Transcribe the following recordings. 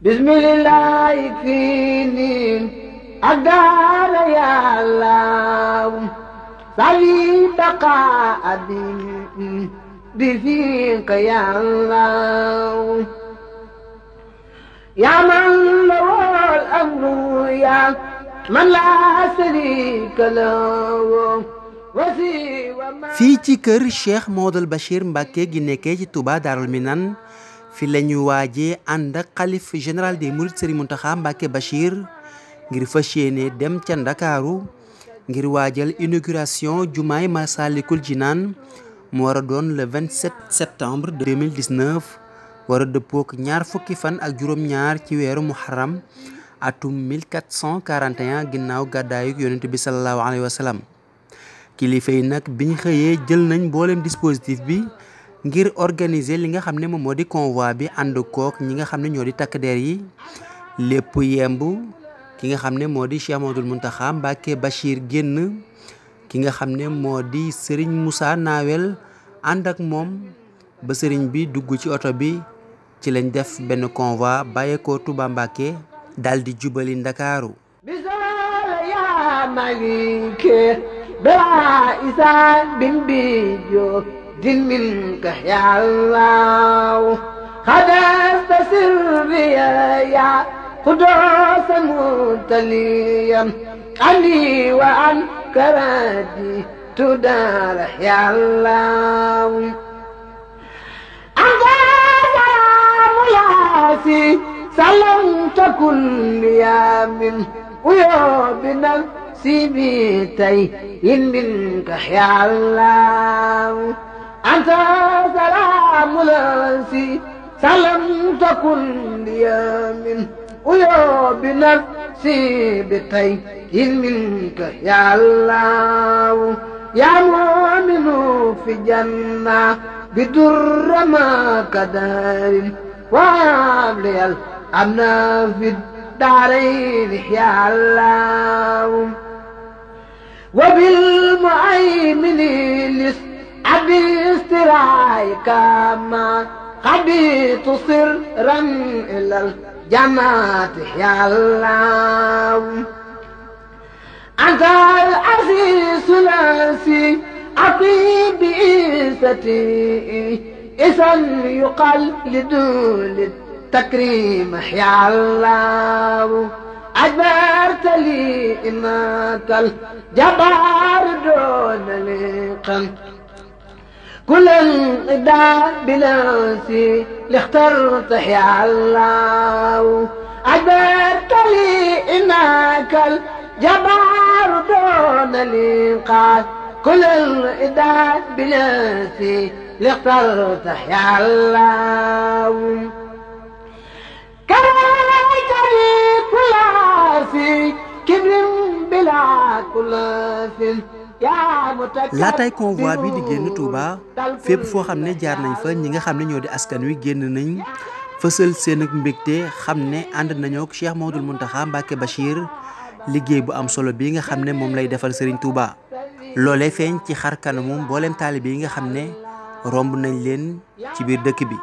bismillah ikfini adar ya allah sali baqa abi بفيك يا الله يا من له الأمر يا من لا شريك له fii ci kër Cheikh Modou Bachir Mbacké gi nekkee ci Touba Darou Minane fi la ñu waajee ànd ak xalif général des mourides Serigne Mountakha Mbacké Bachir ngir fas yéene dem ca Ndakaaru ngir waajal inauguration jumaay ji naan mu war a doon le 27 septembre 2019 war a dëppook ñaar fukki fan ak juróom-ñaar ci weeru muharram atum 1441 ginnaaw gàddaayuk yonent bi sallallahu alayhi wa sallam nag biñ xëyee jël nañ mboolem dispositif bi ngir organiser li nga xam ne moom moo di convoi bi ànd kook ñi nga xam ne ñoo di takk der yi lépp yemb ki nga xam ne moo di Cheikh Mamadou Mountakha Mbacké Bachir génn ki nga xam ne moo di sëriñ Moussa Nawel ànd ak moom ba sëriñ bi dugg ci oto bi ci lañ def benn convoi bàyyeekoo Touba Mbacké daal di jubali Ndakaaru bi ود منك يا الله قد استسر بيا يا قدوس متليا عني وعن كرادي تدار يا الله نفسي سلمت كل يوم ويا بنفسي بيتي إن منك يا الله أنت سلام لانسي سلام تكن لي من ويا بنفسي بطيب منك يا الله يا مؤمن في جنة بدر ما كدار وعبلي الأمن في الدارين يا الله وبالمؤمن لست أبسترايك ما خبيت سرا إلى الجماعة يا الله أنت العزيز العزيز أطيب إيستي إذا يقال لدول التكريم يا الله أجبرت لي إماك الجبار دون لقم كل انقضاء بنفسي لاخترت يا الله عجبت لي إنك الجبار دون الإنقاذ كل الإداء بنفسي لاخترت يا الله كرهتني كل في كبر بلا كل في laataay convoi bi di génn Touba fépp foo xam ne jaar nañ fa ñi nga xam ne ñoo di askan wi génn nañ fësal seen ak mbégte xam ne ànd nañoo ak Cheikh Maodul Mountakha Mbacké Bachir liggéey bu am solo bi nga xam ne moom lay defal Serigne Touba. loole feeñ ci xar kanamu mbooleem taalibe yi nga xam ne romb nañ leen ci biir dëkk bi.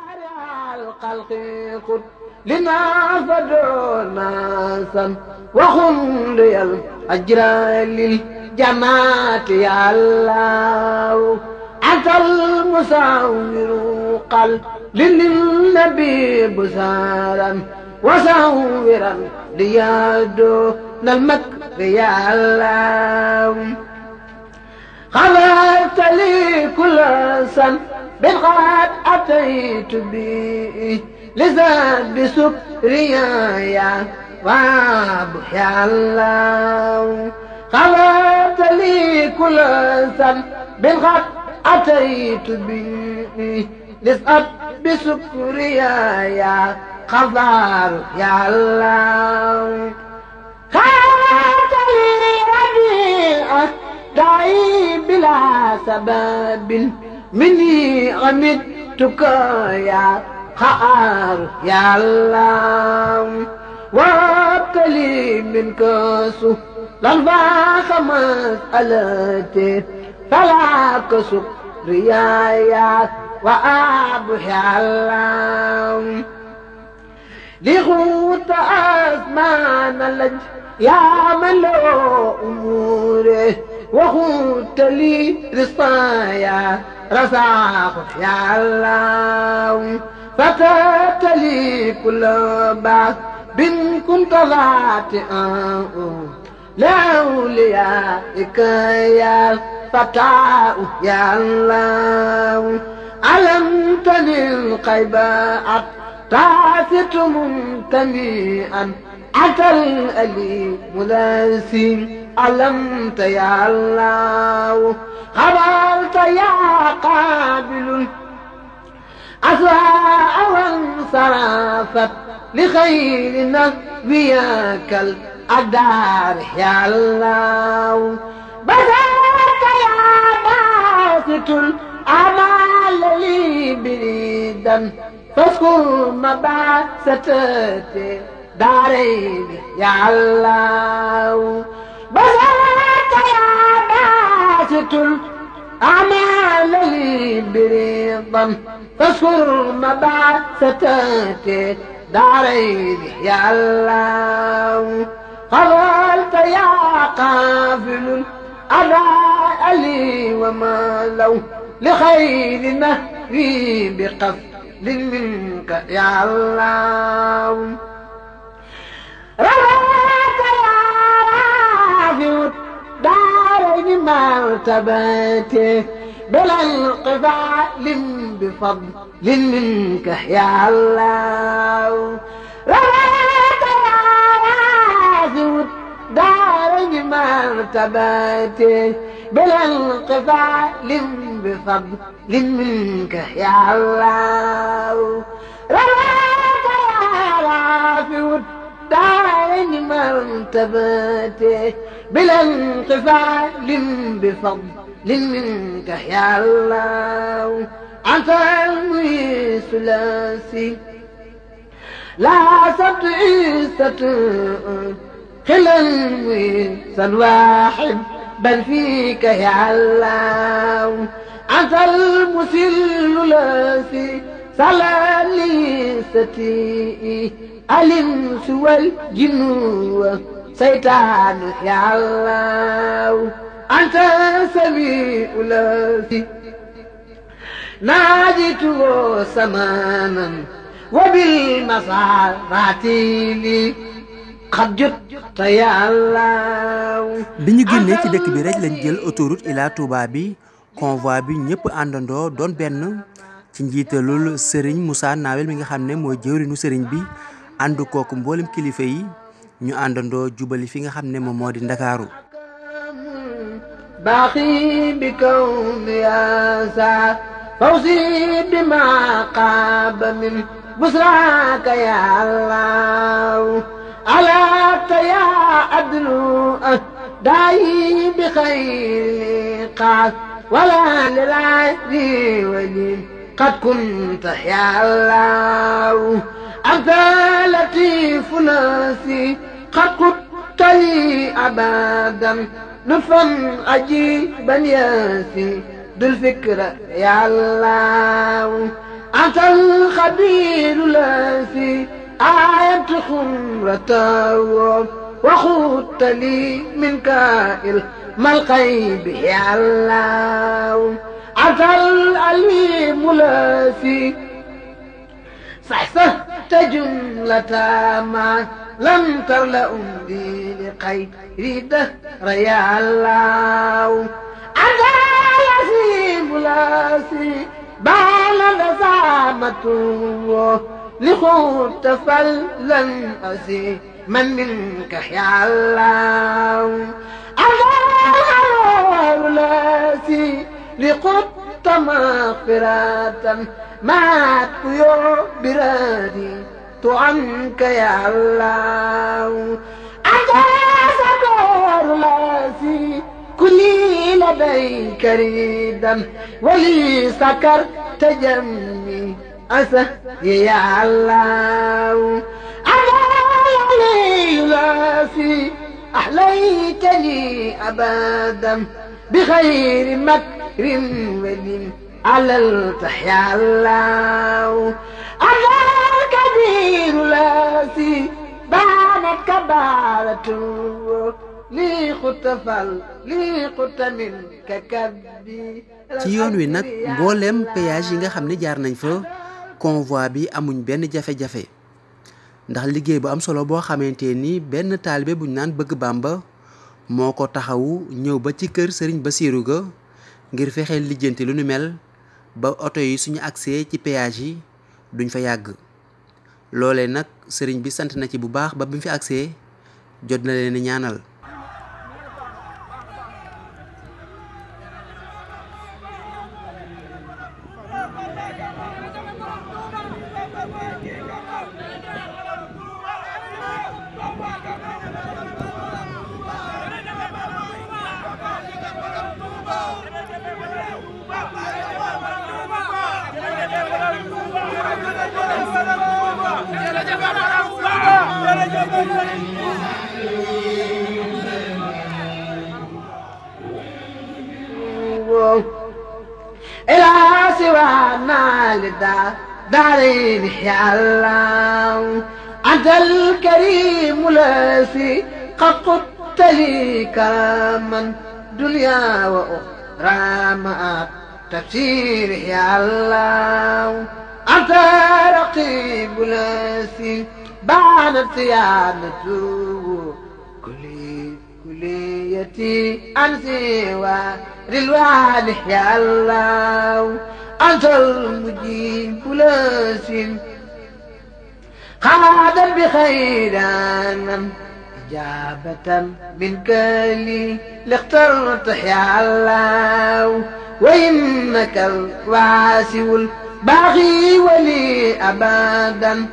li جمعت يا الله أتى المساور قل للنبي بسارا وساورا ليادو المكر يا الله غفرت لي كل سن بالغاد أتيت بي لزاد بسكريا يا رب يا الله خلقت لي كل سن بالخط أتيت به نسأل بسكريا يا خضار يا الله خلقت لي ربيع دعي بلا سبب مني عمدتك يا خار يا الله وابتلي منك سوء lan baa xamaas alaate falaa ko sukk riyaayaat wa aabu xeelam li xuut asmaan alaj yaa man loo umuure wa xuut li risaayaat rasaaxu xeelam فتات لي كل بعد بن كنت ذات آه لأوليائك يا فتاة يا الله علمت للقيبات تعثت منتميئا أتى الأليم لاسيم علمت يا الله خبرت يا قابل أساء وانصرفت لخير نبيك الأدار يا الله بذلك يا باسط الأمال لي بريدا فاذكر مباستتي دارين يا الله بذلك يا باسط الأعمال لي بريضا فاذكر مباستتي دارين يا الله قبلت يا قافل أنا ألي وما لو لخير نهري بقفل منك يا الله رواك يا رافع دارين مرتبته بلا انقطاع بفضل منك يا الله ولا ترى دار مرتباتي بلا انقطاع بفضل منك يا الله رواك يا رافي والدار مرتباتي بلا انقفال بفضل منك يا الله أنت علمي ثلاثي لا ستعي ستعي خلال واحد بل فيك يا الله أنت المسل لاسي سلالي ستي الإنس والجن seytaanu yaa Allaahu anta samiu laasi naajitu samaanan wa bil masaaraati li xat jot te yàlla. bi ñu génnee ci dëkk bi rek lañ jël autoroute Ila Touba bi bi ñëpp àndandoo doon benn ci njiitalul Serigne Moussa Nawel mi nga xam ne mooy jëwriñu Serigne bi ànd kooku mboolem kilifa yi. ñu àndandoo jubali fi nga xam ne moom moo di ndakaaru baaxi bi kaw mi asa bi ma qaaba min busraaka ya allah alaata ya adlu daayi bi xayri qaas wala lilaay di wajin qad kunta ya allah أزالتي فلاسي قد قدت لي أبدا لطفا أجيبا ياسي ذو الفكرة يا الله أنت الخبير لاسي آية خمرته وخدت لي من كائل ما الغيب يا الله أنت العليم لاسي صحصح أتت جملة ما لم ترل أمدي لخير دهر يا الله أتى يسيب لاسي بال نسامته لخوت فلن أسي من منك يا الله الله لاسي لقد طلبت مغفرة معك يا برادي عنك يا الله أجاز دور لاسي كلي لديك ريدا ولي سكرت جمي أسه يا الله أجاز لاسي أحليت لي أبدا بخير مكر ودين على التحيا الله أنا الكبير لاسي بانت كبارة lii ci yoon wi nag mbooleem péage yi nga xam ni jaar nañ fa convoi bi amuñ benn jafe-jafe ndax liggéey bu am solo boo xamante ni benn taalibe buñ naan bëgg Bàmba moo ko taxawu ñëw ba ci kër Serigne Bassirou ga ngir fexe lijjanti lu nu mel ba oto yi suñu agsee ci péage yi duñ fa yàgg loole nag sëriñ bi sant na ci bu baax ba bi fi agsee jot na leen ñaanal تفسيره يا الله أنت رقيب لسي بعد صيانته كلي كليتي عن سوى رلوانه يا الله أنت المجيب لسي قعدا بخيرا إجابة من كلي لاخترت يا الله وإنك الواسع الباغي ولي أبدا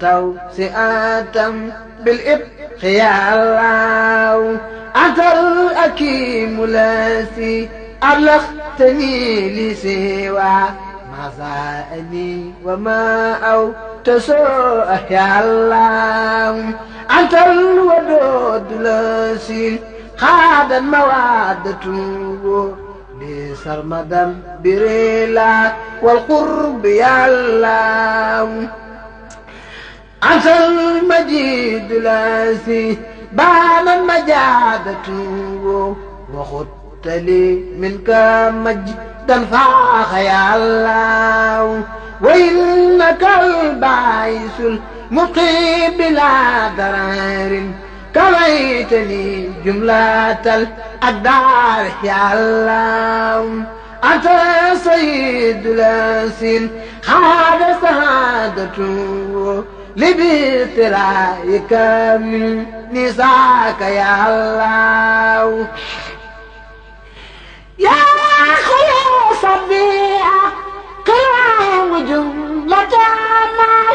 توسئة بالإبق يا الله أنت الأكيم الذي أبلغتني لسوى مزائني وما أو تسوء يا الله أنت الودود الذي قاد المواد تنور ربي سرمدا بريلا والقرب يا الله عسى المجيد لاسي بان مجادته وخدت لي منك مجدا فاخ يا الله وإنك البعيس المقيم بلا درا أعطيتني جملة الأقدار يا الله أنت سيد الأنسين هذا سعادة لبثرائك من نساك يا الله يا خلاص البيئة قرام جملة ما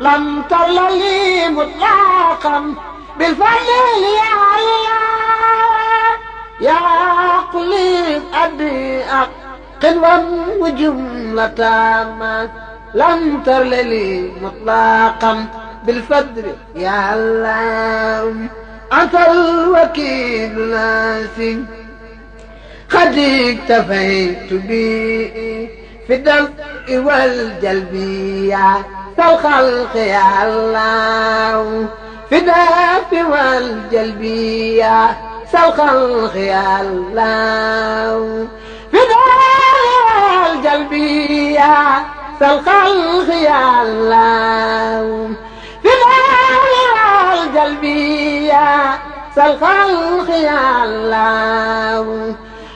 لم تر لي مطلقا بالفضل يا الله يا قليب أبي قلبا وجملة ما لم ترللي مطلقا بالفضل يا الله أنت الوكيل ناسي قد اكتفيت بي في الدفء والجلبية فالخلق يا الله في الدفع والجلبية سوق الخيال في الدفع والجلبية سوق الخيال في الدفع والجلبية سوق الخيال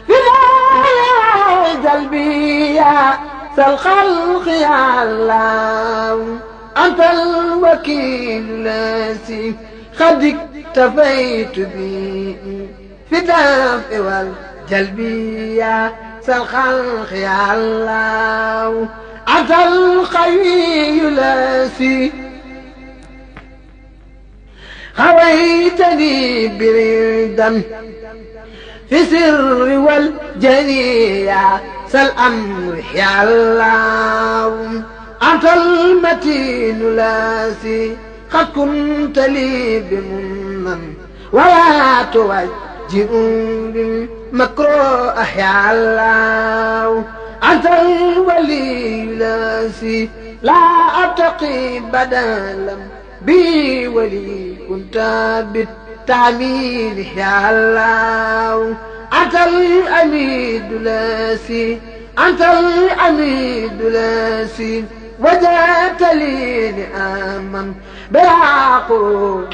في الدفع والجلبية سوق الخيال أنت الوكيل الذي قد اكتفيت به في الدفع والجلب يا ذا الخلق يا الله أنت القوي الذي خويتني بردا في سر والجني يا ذا الأمر يا الله أنت المتين لاسي قد كنت لي بمنن ولا توجه بمكروه أحيا الله أنت الولي لاسي لا أتقي بدلا بي ولي كنت بالتعميل يا الله أنت الأميد لاسي أنت الأميد لاسي وجعت لي نعما بلا قرور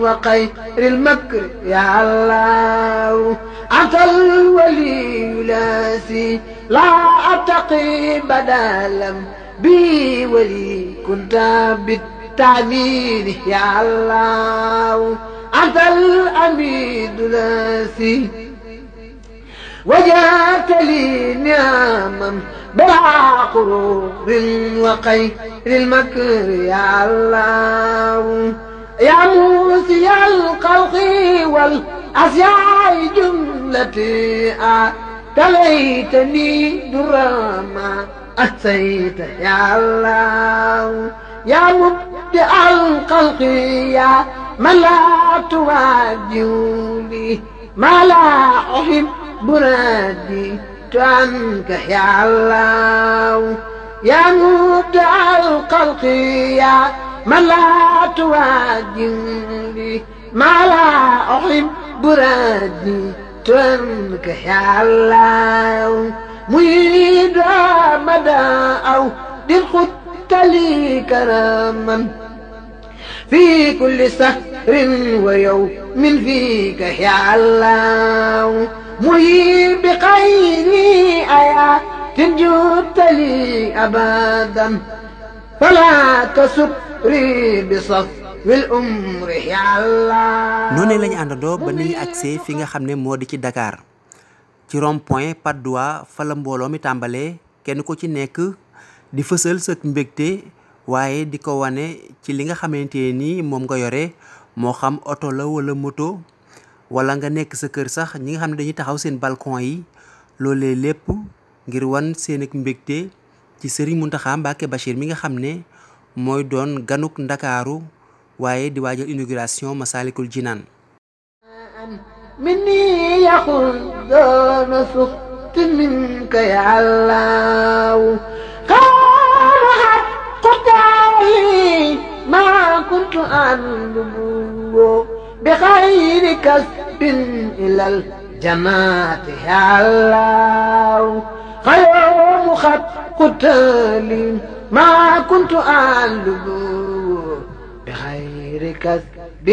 وقير المكر يا الله أنت الولي لاسي لا أتقي بدالا بي ولي كنت بالتعمير يا الله أنت الأميد لاسي وجعلت لي نعما بلا قرور وخير المكر يا الله يا موسي الخلق والأسياء جملتي تليتني دراما أتيت يا الله يا مبدع الخلق يا من لا تواجهني ما لا أحب مناديت عنك يا الله يا مبدع الخلق يا من لا تواجهني ما لا أحب راديت عنك يا الله مريد مدى أو للخط لي كراما في كل سهر ويوم فيك يا الله محيي بخير آيات جبت لي أبدا فلا تسري بصف noonu lañu àndandoo ba ni agsee fi nga xam ne moo di ci dakaar ci rond point Patte mbooloo mi tàmbalee kenn ku ci nekk di fësal sa mbégte waaye di ko wane ci li nga xamante nii moom nga yore moo xam oto la wala moto wala nga nekk sa kër sax ñi nga xam ne dañuy taxaw seen balkon yi loolee lépp ngir wan seen ak mbégte ci Serigne Mountakha Mbacké Bachir mi nga xam ne mooy doon ganuk ndakaaru waaye di waajal inauguration Massalikul Jinaan مني يخل دون سخط منك يا الله قال حق تعالي ما كنت أنبو بخير كسب إلى الجنات يا الله خير مخط قتال ما كنت أعلم بخير كسب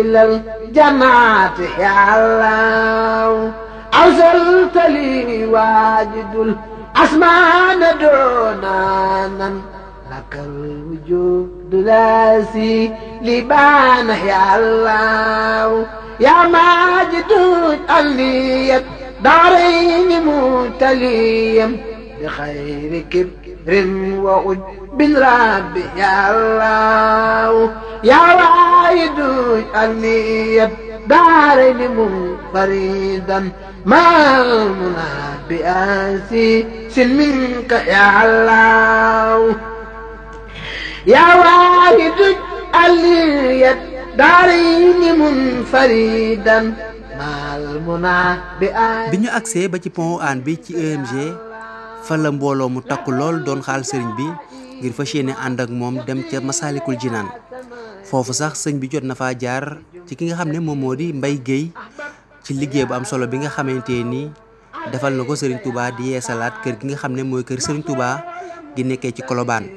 إلى الجنات يا الله أرسلت لي واجد الأسمان دونا لك الوجود الثلاثي لبان يا الله يا ماجد علي دارين متليم بخير كبر وأد بالرب يا الله يا وايد علي دارين منفردا ما المنى بآسي سن منك يا الله يا واحد اليد دارين منفردا bi ñu agsee ba ci pont aan bi ci EMG fa la mbooloo mu takk lool doon xaal sëriñ bi ngir fas yéene ànd ak moom dem ca Masaalikul Jinaan foofu sax sëñ bi jot na faa jaar ci ki nga xam ne moomoo di Mbaye Guèye ci liggéey bu am solo bi nga xamante ni defal na ko sëriñ Touba di salaat kër gi nga xam ne mooy kër sëriñ tubaa gi nekkee ci kolobaan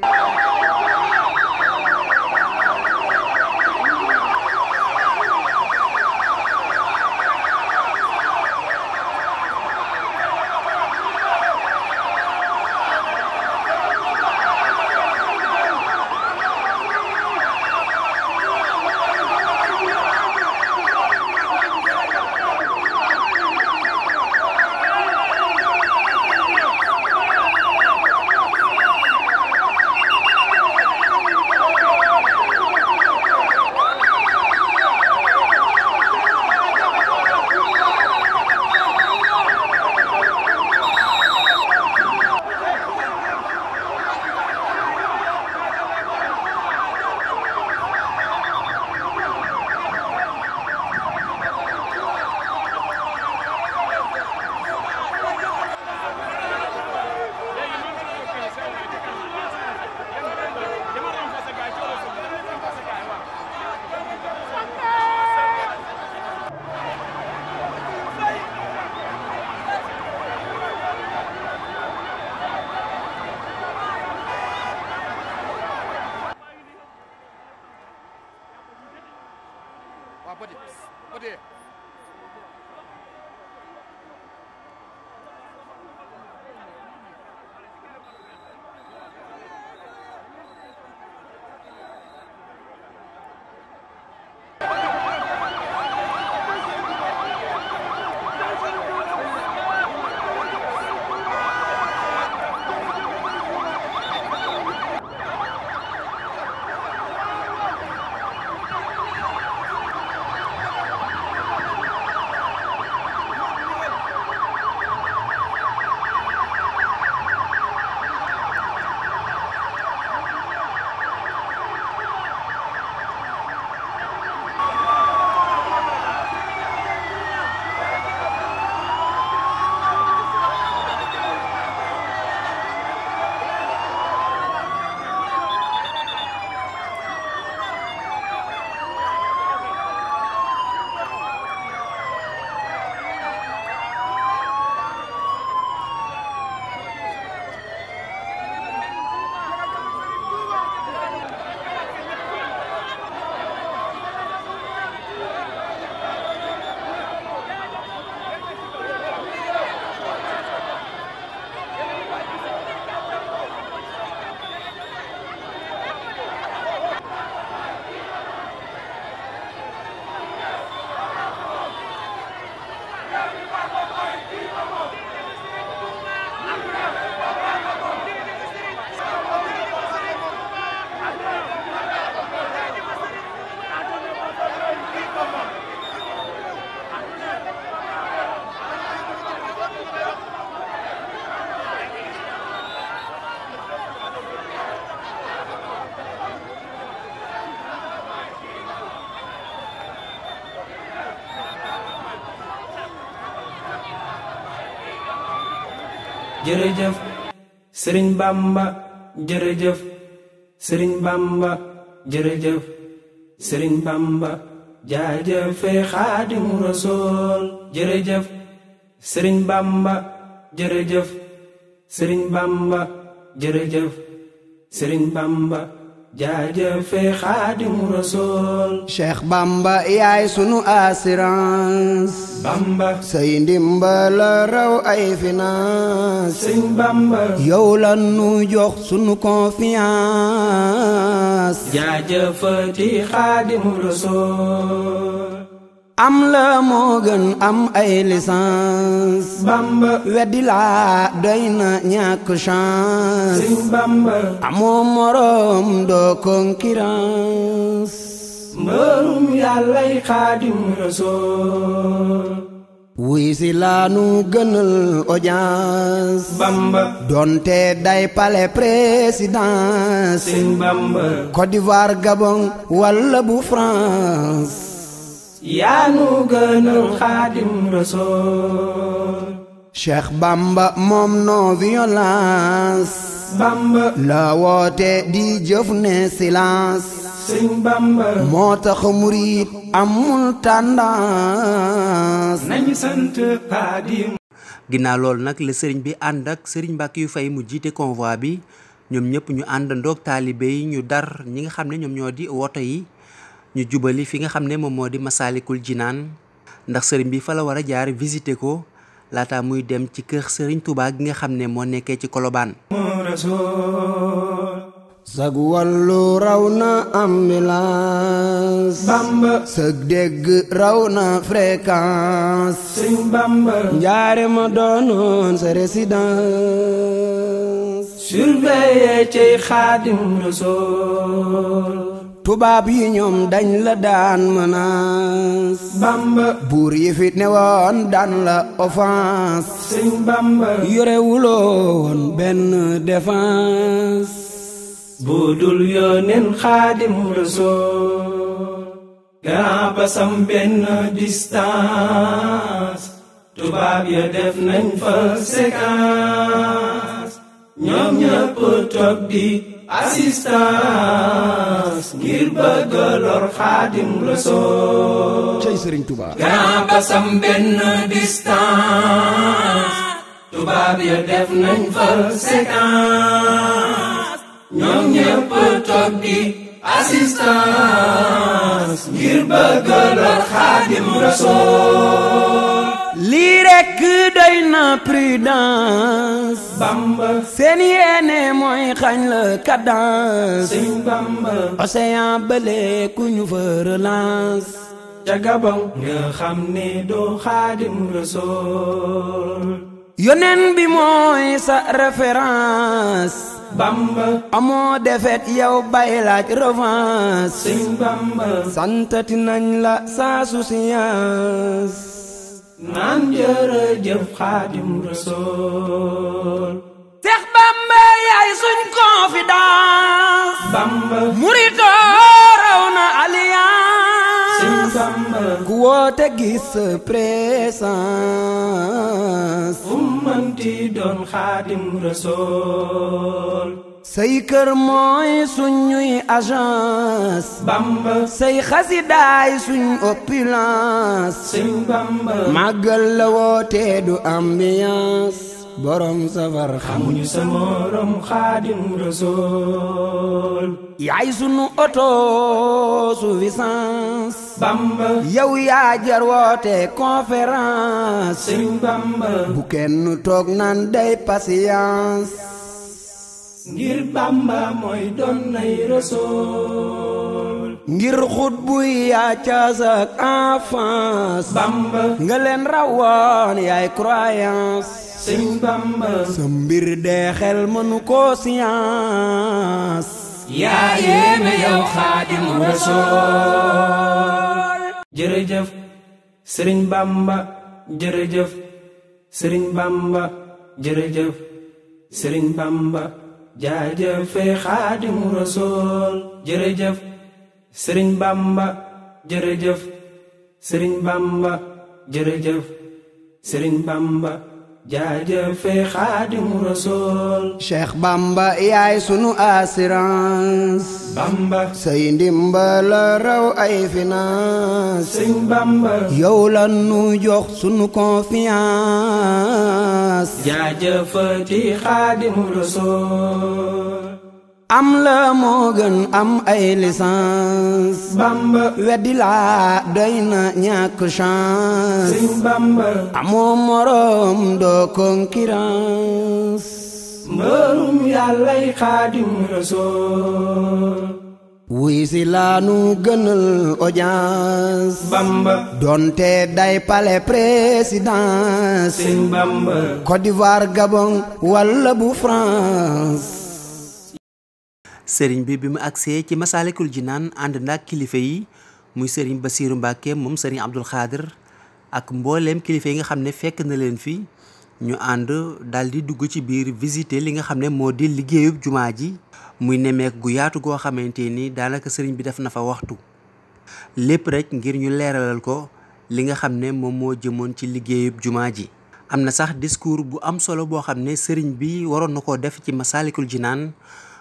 jërëjëf sëriñ bamba jërëjëf sëriñ bamba jërëjëf sëriñ bamba jaajëfe xaadimu rasool jërëjëf sëriñ bamba jërëjëf sëriñ bamba jërëjëf sëriñ bamba jaajëfe xaadimu rasool cheikh bamba yaay sunu assurance bamba say ndimbal raw ay finance sëñ bamba yow la jox sunu confiance jaajëfati xaadimu rasool am la moo gën am ay licence bamba weddi laa doy na ñàkk chance sëñ bamba moroom doo concurrence mbërum yàllay xaadim rasool wuy si laanu gënal audience bamba donte day palais présidence sëñ bamba Côte walla bu France yaa nu gënal xaadim rasool cheikh bamba moom no violence bamba la woote di jëf ne silence sëñ bamba moo tax murit amul tendance nañu sant xaadim ginnaaw loolu nag la sëriñ bi ànd ak sëriñ Mbàkke yu fay mu jiite convoi bi ñoom ñëpp ñu àndandoog taalibe yi ñu dar ñi nga xam ne ñoom ñoo di woto yi ñu jubali fi nga xam ne moom moo di masaalikul jinaan ndax sëriñ bi fa la war a jaar visité ko laata muy dem ci kër sëriñ Touba gi nga xam ne moo nekkee ci kolobaan sag wàllu raw na ambulance bamba njaare ma doonoon sa résidence surveillé ci xaadim rasool tubaab yi ñoom dañ la daan menace. bamba buur yi fi ne daan la offense. sëñ bamba yore wuloo woon benn défense. budul xaadim rasool. gaa basam benn distance. tubaab ya def nañ fa séquence. ñoom ñëpp toog di. assistance ngir bëgg lor xaadim rasool cay sëriñ Touba grand basam benn distance tubaab ya def nañ fa séquence ñoom ñëpp di assistance ngir bëggal Xaadim Rasuul lii rekk doy na prudence bamba seen yéene mooy xañ la cadence sëñ bamba océan bële ku ñu fa relance ca gabaw nga xam ne doo Xaadim Rasuul yoneen bi mooy sa référence bamba amoo defet yow bay laaj revanche sëñ santati nañ la sa souciance naan jërëjëf xaadim rasool seex bamba yaay suñ confidence bamba murito raw na alliance Serigne Bamba ku woote gis présence ummanti doon xaadim rasool say kër mooy suñuy agence. bamba say xasidaay suñ opulence. sëñ bamba. màggal la wootee du ambiance. borom safar xamuñu sa morom xaadim rasool yaay sunu autosuffisance bamba yow yaa jar woote conférence sëriñ toog naan day patience ngir bamba mooy doon nay rasool ngir xut buy yaa caas ak bamba nga leen rawoon yaay croyance sëñ Bamba sa mbir dee xel mënu ko science yaa yéeme yow xaadimu rasool jërëjëf sëriñ Bamba jërëjëf sëriñ Bamba jërëjëf sëriñ Bamba jaajëfe xaadimu rasool jërëjëf sëriñ Bamba jërëjëf sëriñ Bamba jërëjëf sëriñ Bamba jaajëfee xaadimu rasool. Cheikh Bamba yaay sunu assurance. Bamba. say ndimbal raw ay finance. sëñ Bamba. yow la nu jox sunu confiance. jaajëfati xaadimu rasool. am la moo gën am ay licence bamba weddi laa doy na ñàkk chance sëñ bamba amoo moroom doo concurrence mbërum yàllay xaadim rasool wuy si laa nu gënal audience bamba donte day palais présidence sëñ Gabon walla bu France sëriñ bi bi mu agsee ci masaalikul jinaan ànd na kilifa yi muy sëriñ Basiiru Mbàkke moom sëriñ Abdul Xaadir ak mbooleem kilifa yi nga xam ne fekk na leen fi ñu ànd daal di dugg ci biir visiter li nga xam ne moo di liggéeyub jumaa ji muy nemeek gu yaatu goo xamante ni daanaka sëriñ bi def na fa waxtu lépp rek ngir ñu leeralal ko li nga xam ne moom moo jëmoon ci liggéeyub jumaa ji am na sax discours bu am solo boo xam ne sëriñ bi waroon na koo def ci masaalikul jinaan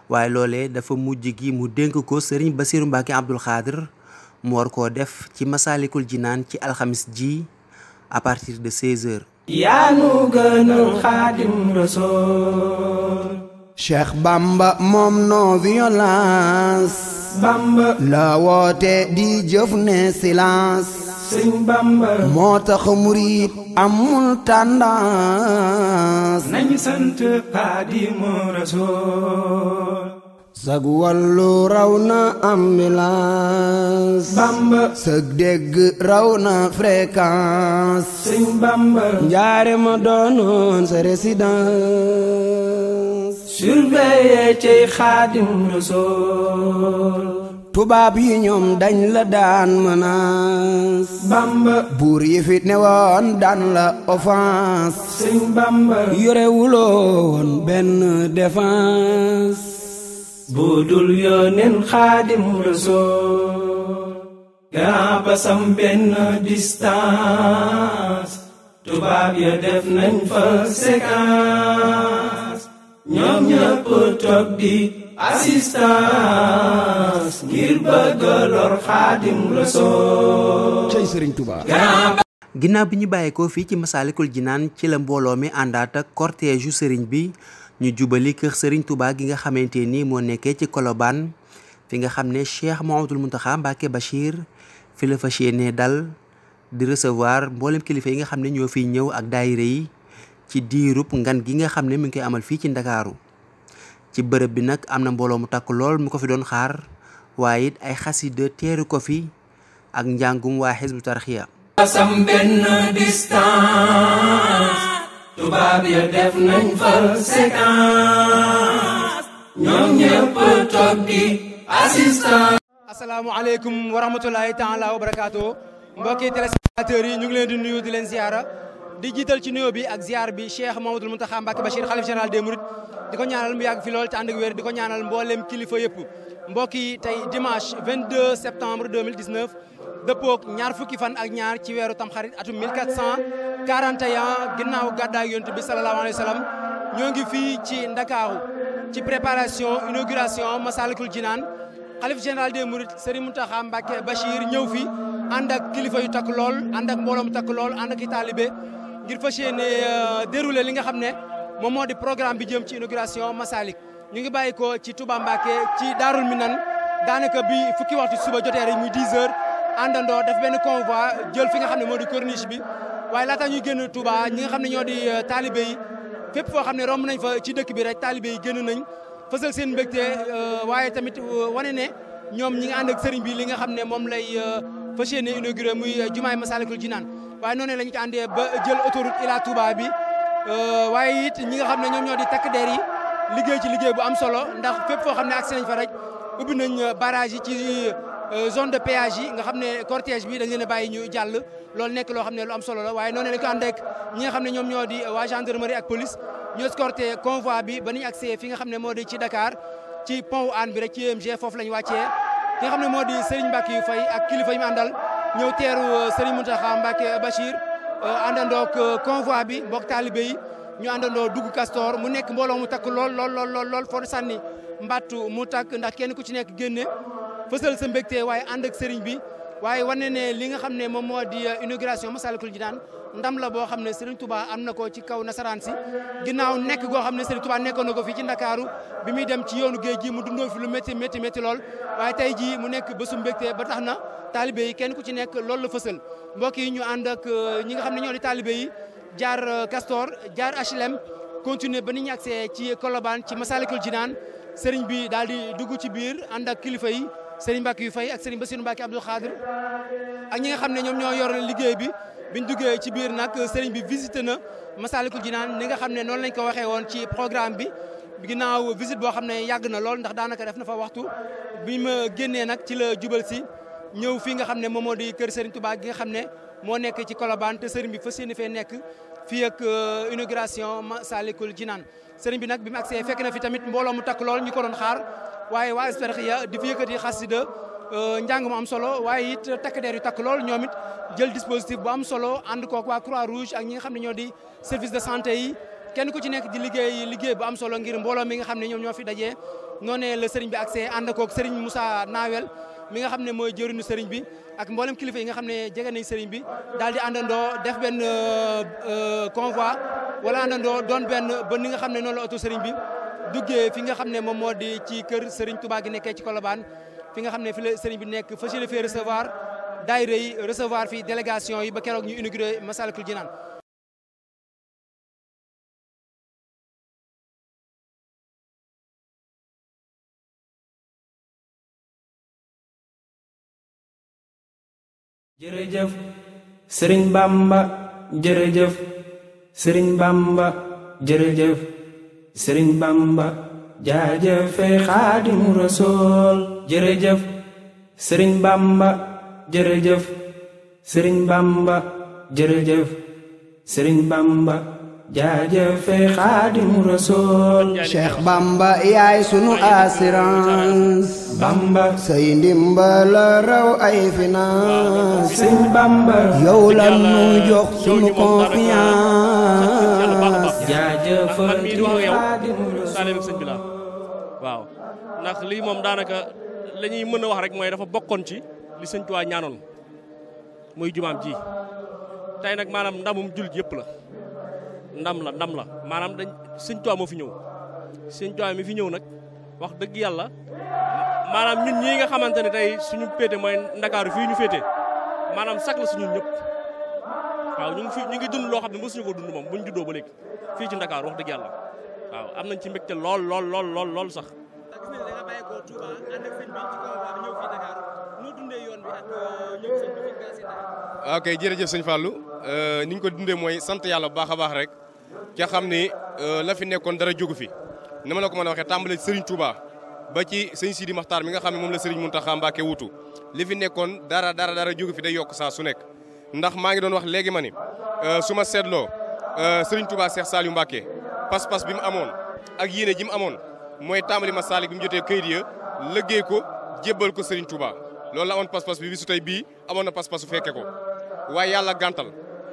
waaye loole dafa mujj gi mu dénk ko sëriñ Basiiru Mbàkke Abdul Xaadir mu war koo def ci Masaalikul Jinaan ci alxamis ji à de 16 heures. cheikh bamba moom non violence. bamba la woote di jëf ne silence. moo tax murit amul tendance. nañu sant Xaadimu Rasuul. sag wàllu raw na ambulance. bamba sag dégg raw na fréquence. njaare ma doonoon sa résidence. surveiller cey xaadim rasool tubaab yi ñoom dañ la daan menace bamba buur yi fi ne woon daan la offense sëñ bamba yorewuloo woon benn défense budul yoneen xaadim rasool yaa basam benn distance tubaab ya def nañ fa séquence ñoom ñëpp toog di assistance ngir bëgg lor xaadim rasool cay ginnaaw bi ñu bàyyeekoo fii ci masaalikul jinaan ci la mbooloo mi àndaat ak cortège sëriñ bi ñu jubali kër sëriñ tubaa gi nga xamante ni moo nekkee ci Colobane fi nga xam ne Cheikh Mouhamadoul Mountakha Mbacké Bachir fi la fas yéene dal di resevoir mboolem kilifa yi nga xam ne ñoo fiy ñëw ak daayira yi ci diirub ngan gi nga xam ne mi ngi koy amal fii ci ndakaaru ci bërëb bi nag am na mbooloo mu takk lool mu ko fi doon xaar waaye it ay xasida teeru ko fi ak njàngum waa xisbu tarxiya ñoom ñëpp toog di assistance asalaamaaleykum wa rahmatulahi taala wa mbokki téléspectateurs yi ñu ngi leen di nuyu di leen ziara di jiital ci nuyoo bi ak ziar bi Cheikh Mamadou Mountakha Mbacké Bachir xalif général ko ñaanal mu yàgg fi lool te ànd ak wér di ko ñaanal mboolem kilifa yëpp mbokk yi tey dimanche 22 septembre 2019 dëppook ñaar fukki fan ak ñaar ci weeru tamxarit atum 1441 ginnaaw gàddaay yonent bi sallallahu alayhi wa sallam ñoo ngi fii ci Ndakaaru ci préparation inauguration Massalikul Jinaan xalif général des Mourides mu Mountakha Mbacké Bachir ñëw fi ànd ak kilifa yu takk lool ànd ak mbooloo mu takk lool ànd ak i ngir fas yéene euh, déroulé li nga xam ne moom moo di programme bi jëm ci inauguration Massalik ñu ngi bàyyi ko ci Touba Mbacké ci Daarul nan daanaka bi fukki waxtu suba jotee rek muy 10 heures àndandoo def benn convoi jël fi nga xam ne moo di corniche bi waaye laata ñuy génn Touba ñi nga xam ne ñoo di euh, taalibe yi fépp xam ne romb nañ fa ci dëkk bi rek taalibe yi génn nañ fësal seen mbégte euh, waaye tamit wane ne ñoom ñi nga ànd ak sëriñ bi li nga xam ne moom lay fas yéene inauguré muy jumaay Massalikul Jinaan waaye noonu lañ ko ba jël autoroute Ila Touba bi euh, waaye it ñi nga xam ne ñoom ñoo di takk der liggéey ci liggéey bu am solo ndax fépp foo xam ne agsi nañ fa rek ubbi nañ euh, barrage yi ci euh, zone de péage yi nga xam ne cortège bi dañ leen a bàyyi ñu jàll loolu nekk loo xam ne lu am solo la waaye noonu lañ ko ànd ak ñi nga xam ne ñoom ñoo di waa gendarmerie ak police ñu escorté convoi bi ba ñu agsee fi nga xam ne moo di ci Dakar ci pont wu bi rek ci EMG foofu lañ wàccee ki nga xam ne moo di Serigne Mbacke yu fay kilifa yi ñëw teeru euh, Serigne Mountakha Mbacké Bachir euh, àndandoog euh, convoi bi mbokk taalibe yi ñu àndandoo dugg Castor mu nekk mbooloo mu takk lool lool lool lool lool for sànni mbattu mu takk ndax kenn ku ci nekk génne fësal sa mbégte waaye ànd ak Serigne bi waaye wane ne li nga xam ne moom moo di inauguration Massalikul Jinaan ndam la boo xam ne Serigne Touba am na ko ci kaw nasaraan si ginnaaw nekk goo xam ne Serigne Touba nekkoon na ko fii ci ndakaaru bi muy dem ci yoonu géej gi mu dundoo lu métti métti métti lool waaye tey jii mu nekk bésu mbégte ba tax na taalibe yi kenn ku ci nekk loolu la fësal mbokk yi ñu ànd ak euh, ñi nga xam ñoo di taalibe jaar euh, Castor jaar HLM continuer ba ni ñu agsee ci Colobane ci Masalikul sëriñ bi daal di dugg ci biir ànd ak kilifa yi sëriñ Mbacke yu fay ak sëriñ Bassirou Mbacke Abdou Khadir ak ñi nga xam ne ñoom ñoo yor liggéey bi biñ duggee ci biir nag sëriñ bi visité na Massalikul Jinaan ni nga xam ne noon lañ ko waxee woon ci programme bi ginnaaw visite boo xam ne yàgg na lool ndax daanaka def na fa waxtu bi ma génnee nag ci la jubal si ñëw fii nga xam ne moom moo di kër Serigne Touba gi nga xam ne moo nekk ci Colobane te sëriñ bi fas yéene fee nekk fii ak euh, inauguration Massalikul Jinaan sëriñ bi nag bi mu agsee fekk na fi tamit mbooloo mu takk lool ñu ko doon xaar waaye Euh, njàng mu am solo waaye it takk der yi takk lool ñoom it jël dispositif bu am solo ànd kook waa croix rouge ak ñi nga xam ne ñoo di service de santé kenn ku ci nekk di liggéey liggéey bu am solo ngir mbooloo mi nga xam ne ñoom ñoo fi dajee noonee la sëriñ bi accès ànd kook sëriñ musa naaweel mi nga xam ne mooy jëriñu sëriñ bi ak mboolem kilifa yi nga xam ne jege nañ sëriñ bi daal di doo def benn euh, euh, convoi wala doo doon benn ba ni nga xam ne noonu la oto sëriñ bi duggee fi nga xam ne moom moo di ci kër sëriñ Touba gi nekkee ci Colobane fi nga xam ne fi la sëriñ bi nekk fas yéene fee recevoir yi recevoir fii délégation yi ba keroog ñu inauguré Massalikul Jinaan jërëjëf sëriñ Bamba jërëjëf sëriñ Bamba jërëjëf sëriñ Bamba jaajëf fey xaadimu rasool jërëjëf sëriñ bamba jërëjëf sëriñ bamba jërëjëf sëriñ bamba jaajëf fey xaadimu rasool cheikh bamba yaay sunu assurance bamba say ndimbal raw ay finance sëriñ bamba yow la jox sunu confiance jaajëf fey xaadimu taalibe sëñ bi la waaw ndax lii moom daanaka la ñuy mën a wax rek mooy dafa bokkoon ci li sëñ Tuubaa ñaanoon muy jumaam ji tey nag maanaam ndamum jul yëpp la ndam la ndam la maanaam dañ sëñ Tuubaa moo fi ñëw sëñ Tuubaa mi fi ñëw nag wax dëgg yàlla maanaam ñun ñii nga xamante ne tey suñu péete mooy ndakaaru fii ñu féete maanaam sakk la suñu ñëpp waaw ñu ngi fi ñu ngi dund loo xam ne mësuñu ko dund moom buñ juddoo ba léegi fii ci ndakaaru wax dëgg yàlla waaw am na ci mbégte lool lool lool lool lool sax. gis noo dundee yoon bi ak euh, ñëw sëñ bi fii Dakar. ok jërëjëf sëñ Fallou euh, ni ñu ko dundee mooy sant yàlla bu baax a baax rek ca xam ni euh, la nekkoon dara jógu fi ni ma la ko mën a waxee tàmbale Serigne Touba ba ci sëñ Sidi Maxtaar mi nga xam ne moom la Serigne Mountakha Mbacké wutu li fi nekkoon dara dara dara jógu fi day yokk saa su nekk ndax maa ngi doon wax léegi ma ni su ma seetloo Serigne Touba Cheikh Saliou Mbacké pas-pas bi mu amoon ak yéene ji mu amoon mooy tàmbali Masalik bi mu jotee këyit ya liggéey ko jébbal ko Serigne Touba loolu la amoon pas-pas bi bisu tey bii amoon na pas-pas su fekke ko waaye yàlla gàntal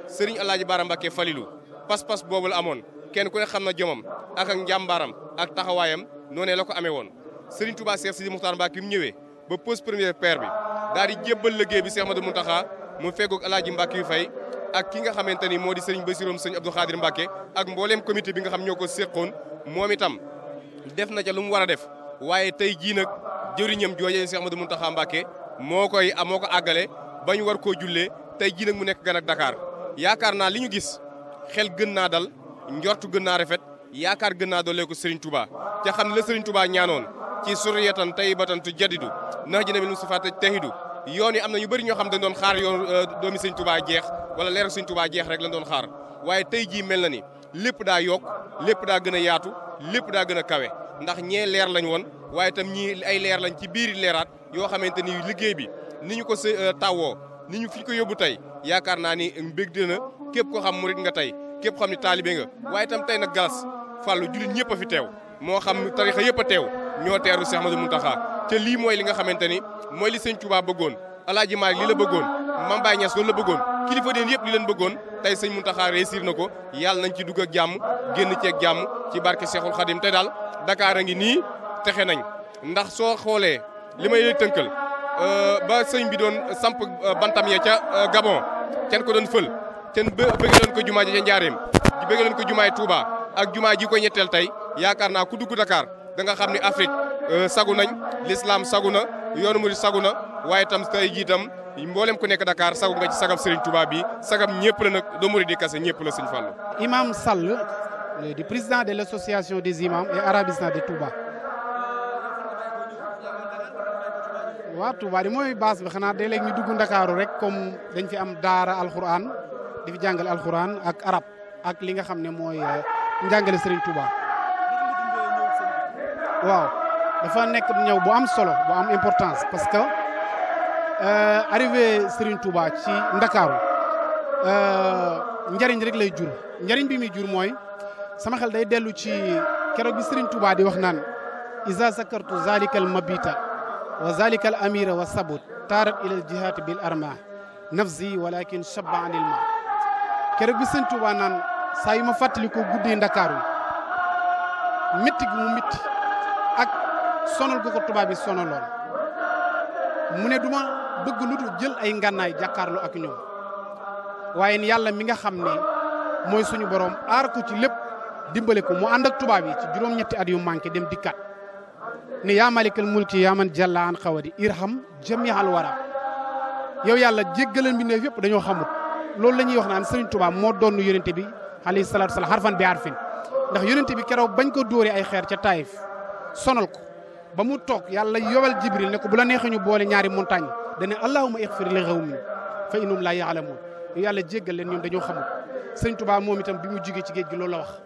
Serigne Alaaji Baara Mbàkke Falilu pas-pas boobu amoon kenn ku ne xam na jomam ak ak njàmbaaram ak taxawaayam noonee la ko amee woon Serigne Touba Cheikh Sidi Moukhtar Mbacke bi mu ñëwee ba pose première pierre bi daal di jébbal liggéey bi Cheikh Ahmadou Mountakha mu feggoog Alaaji Mbàkke yu fay ak ki nga xamante ni moo di sëriñ Basiroom sëriñ Abdou Khadir Mbacke ak mbooleem comité bi nga xam ñoo ko séqoon moom itam def na ca lu mu war a def waaye tey jii nag jëriñam joojee Cheikh Amadou Mountakha Mbacke moo koy moo ko àggale ba ñu war koo jullee tey jii nag mu nekk gan ak Dakar yaakaar naa li ñu gis xel gën naa dal njortu gën naa rafet yaakaar gën naa dolee ko Serigne Touba ca xam ne la Serigne Touba ñaanoon ci suriyatan tayyibatan tu jaddidu nahji na Mustafa tahidu yoon yi am na bëri ñoo xam dañ doon xaar yoon euh, doomi sëñ Touba jeex wala leer sëñ Touba jeex rek lañ doon xaar waaye tey jii mel na ni lépp daa yokk lépp daa gën a yaatu lépp daa gën a kawe ndax ñee leer lañ woon waaye itam ñii ay leer lañ ci biir leeraat yoo xamante ni liggéey bi ni ñu ko sa euh, tawoo ni ñu fi ko yóbbu tey yaakaar naa ni mbég dina képp ko xam murit nga tey képp xam ni taalibe nga waaye tam tey na galas fàllu jullit ñëpp fi teew moo xam tarixa yëpp teew ñoo teeru Cheikh Ahmadou Mountakha te lii mooy li nga xamante ni mooy li sëñ Touba bëggoon Alaaji Maalik li la bëggoon Mame Baye Niass la bëggoon kilifa deen yëpp li leen bëggoon tey sëñ Mountakha réussir na ko yàlla nañ ci dugg ak jàmm génn ceeg jàmm ci barke Cheikhul Khadim te daal dakaar a ngi nii texe nañ ndax soo xoolee li may lay tënkal euh, ba sëñ bi doon samp euh, bantam ya ca euh, Gabon kenn ko doon fël kenn bëggaloon ko jumaa ja ca Njaareem bëggaloon ko jumaay Touba ak jumaa ji ko tey yaakaar naa ku dugg Dakar da nga xam ni Afrique euh, sagu nañ l'islam sagu na yoonu murid sagu na waaye tam tey jii tam mboolem ku nekk Dakar sagu nga ci sagam Serigne Touba bi sagam ñëpp la nag do murid di kase ñëpp la Serigne Fallou. Imam Sall di président de l'association des imams et arabisants de Touba. waaw Touba di mooy base bi xanaa day léegi ñu dugg ndakaaru rek comme dañ fi am daara alxuraan di fi jàngale alxuraan ak arab ak li nga xam ne mooy euh, njàngale Serigne Touba. waaw dafa nekk ñëw bu am solo bu am importance parce que euh, arrivé Serigne Touba ci Ndakaaru euh, njariñ rek lay jur njariñ bi muy jur mooy sama xel day dellu ci keroog bi Serigne Touba di wax naan isa zakartu zalikal mabita wa zalikal amira wa sabut taarat ilal jihaati bil arma nafsi walakin shabba anil ma keroog bi Serigne Touba naan saa yu ma fàttali ko guddi Ndakaaru métti mu métti sonal gu ko tubaab yi mu ne duma bëgg jël ay ngànnaay jàkkaarloo ak ñoom waaye yàlla mi nga xam ne mooy suñu borom aar ko ci lépp dimbale ko mu ànd ak yi ci juróom-ñetti at yu manqué dem dikkat ne yaa malikal mulki yaa man jalla an xawadi irham jamial wara yow yàlla jéggalan bi neef yëpp dañoo xamut loolu la ñuy wax naan sëriñ tubaab moo doon yonente bi alayhi salaatu salaam harfan bi harfin ndax yonente bi keroog bañ ko dóoree ay xeer ca taayif ba mu toog yàlla yobal jibril ne ko bu la neexee ñu boole ñaari montagne dane allahuma ixfir li xawmi fa inum laa yaalamuun yàlla jéggal leen ñoom dañoo xamul sëñ tubaa moom itam bi mu jugee ci géej gi loolu la wax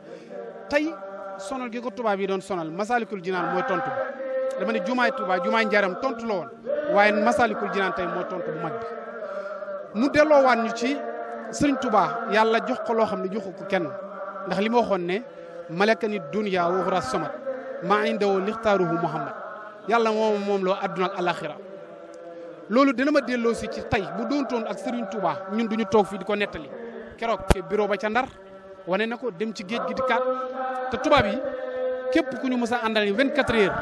tey sonal gi ko tubaab yi doon sonal masalikul jinaan mooy tontu dama ne jumaay tubaa jumaay njaram tontu la woon waaye masalikul jinaan tey mooy tontu bu mag bi mu delloowaan ñu ci sëriñ tubaa yàlla jox ko loo xam ne joxu ko kenn ndax li ma ne malaka ni dunya waxura somat maa indahu lixtaaruhu muhammad yàlla moom moom loo àdduna ak alaxira loolu dina ma delloosi ci tey bu doontoon ak Serigne Touba ñun duñu toog fii di ko nettali keroog bureau ba ca ndar wane na ko dem ci géej gi di kaat te tubaab yi képp ku ñu mësa a àndal 24 heures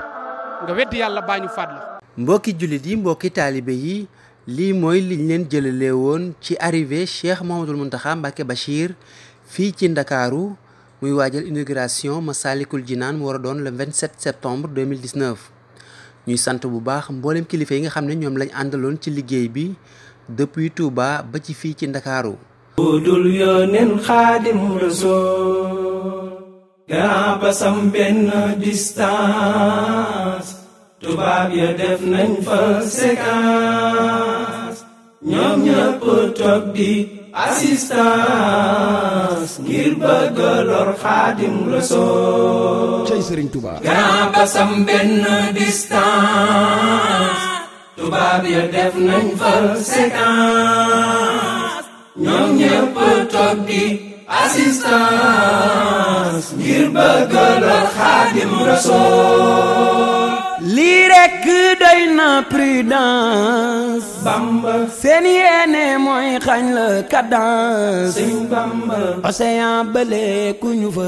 nga weddi yàlla baa ñu faat la mbokki jullit yi mbokki taalibe yi lii mooy liñ leen jëlalee woon ci arrivé Cheikh Mouhamadoul Mountakha Mbacké Bachir fii ci Ndakaaru muy waajal inauguration Massalikul Jinaan mu war a doon le 27 septembre 2019 ñuy sant bu baax mbooleem kilifa yi nga xam ne ñoom lañ àndaloon ci liggéey bi depuis Touba ba ci fii ci Ndakaaru dul ya def nañ fa séquence ñoom ñëpp toog di assistance ngir bëgg lor xaadim rasool cay sëriñ Touba grand basam benn distance tubaab ya def nañ fal séquence ñoom ñëpp toog di assistance ngir bëgg lor xaadim rasool lii rekk doy na prudence bamba seen xañ la cadence sëñ bële ku ñu fa